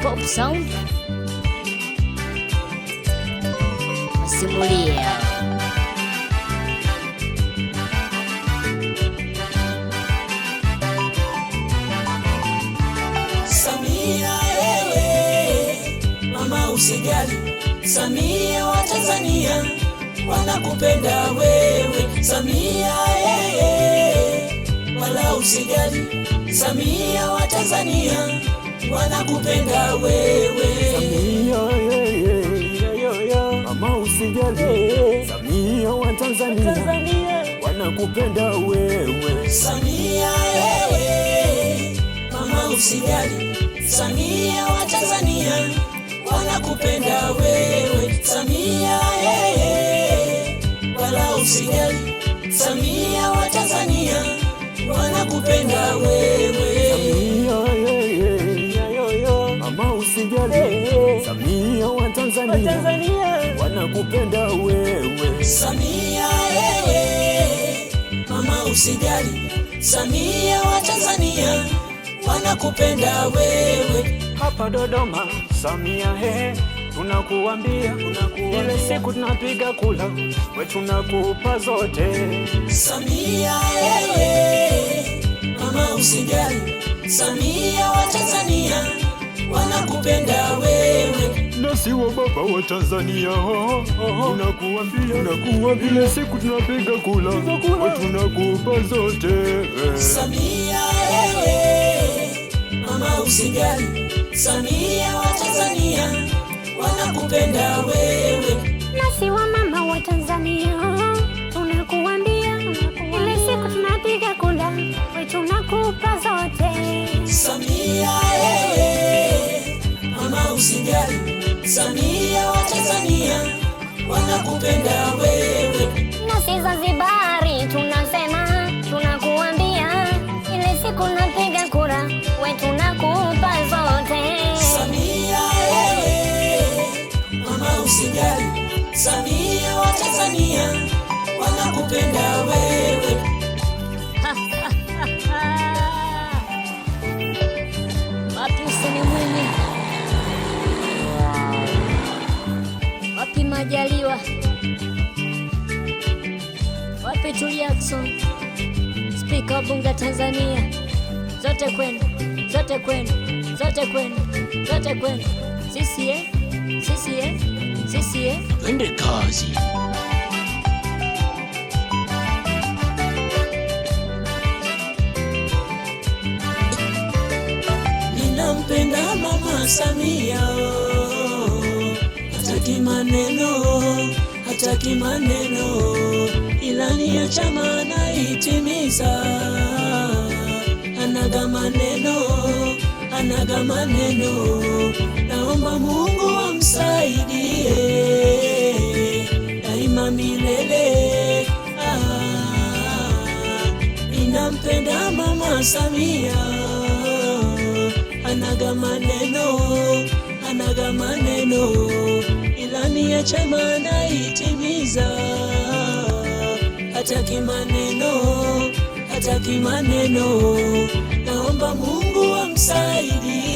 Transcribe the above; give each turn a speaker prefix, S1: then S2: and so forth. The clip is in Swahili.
S1: Pop Sound simulia
S2: Samia, ewe mama, usijali Samia, wa Tanzania wanakupenda wewe Samia, ewe wala usijali Samia, wa Tanzania wanakupenda wewe.
S3: Mama usijali, Samia wa Tanzania wanakupenda wewe.
S2: Samia wewe, mama usijali, Samia wa Tanzania wanakupenda wewe. Samia wala usijali, Samia wa Tanzania wanakupenda wewe.
S3: kujali Samia wa Tanzania wanakupenda wewe.
S2: Samia yeye, mama usijali. Samia wa Tanzania wanakupenda wewe.
S4: Hapa Dodoma, Samia hehe tunakuambia ile siku tunapiga kula we tunakupa zote.
S2: Samia yeye, mama usijali. Samia wa Tanzania wanakupenda wewe
S5: na siwa baba wa Tanzania nakuambia nakuambia, ile siku tunapiga kula tunakupa zote
S2: Samia wewe, mama usijali, Samia wa Tanzania wanakupenda wewe. Samia wa Tanzania wanakupenda wewe,
S6: na si Zanzibari tunasema, tunakuambia ile siku napiga kura, we tunakupa zote.
S2: Samia wewe, mama usijali, Samia wa Tanzania wanakupenda
S1: Majaliwa, wapi tuliakson spika wa bunge Tanzania, zote kwenu, zote kwenu, zote kwenu, zote kwenu, CCM, CCM, CCM,
S7: twende kazi.
S8: Ninampenda Mama Samia hataki maneno, hataki maneno, ilani ya chama anaitimiza. Anaga maneno, anaga maneno, naomba Mungu amsaidie daima milele. Ah, inampenda mama Samia, anaga maneno wanaga maneno, ilani ya chama naitimiza. Hataki maneno, hataki maneno, naomba Mungu amsaidie.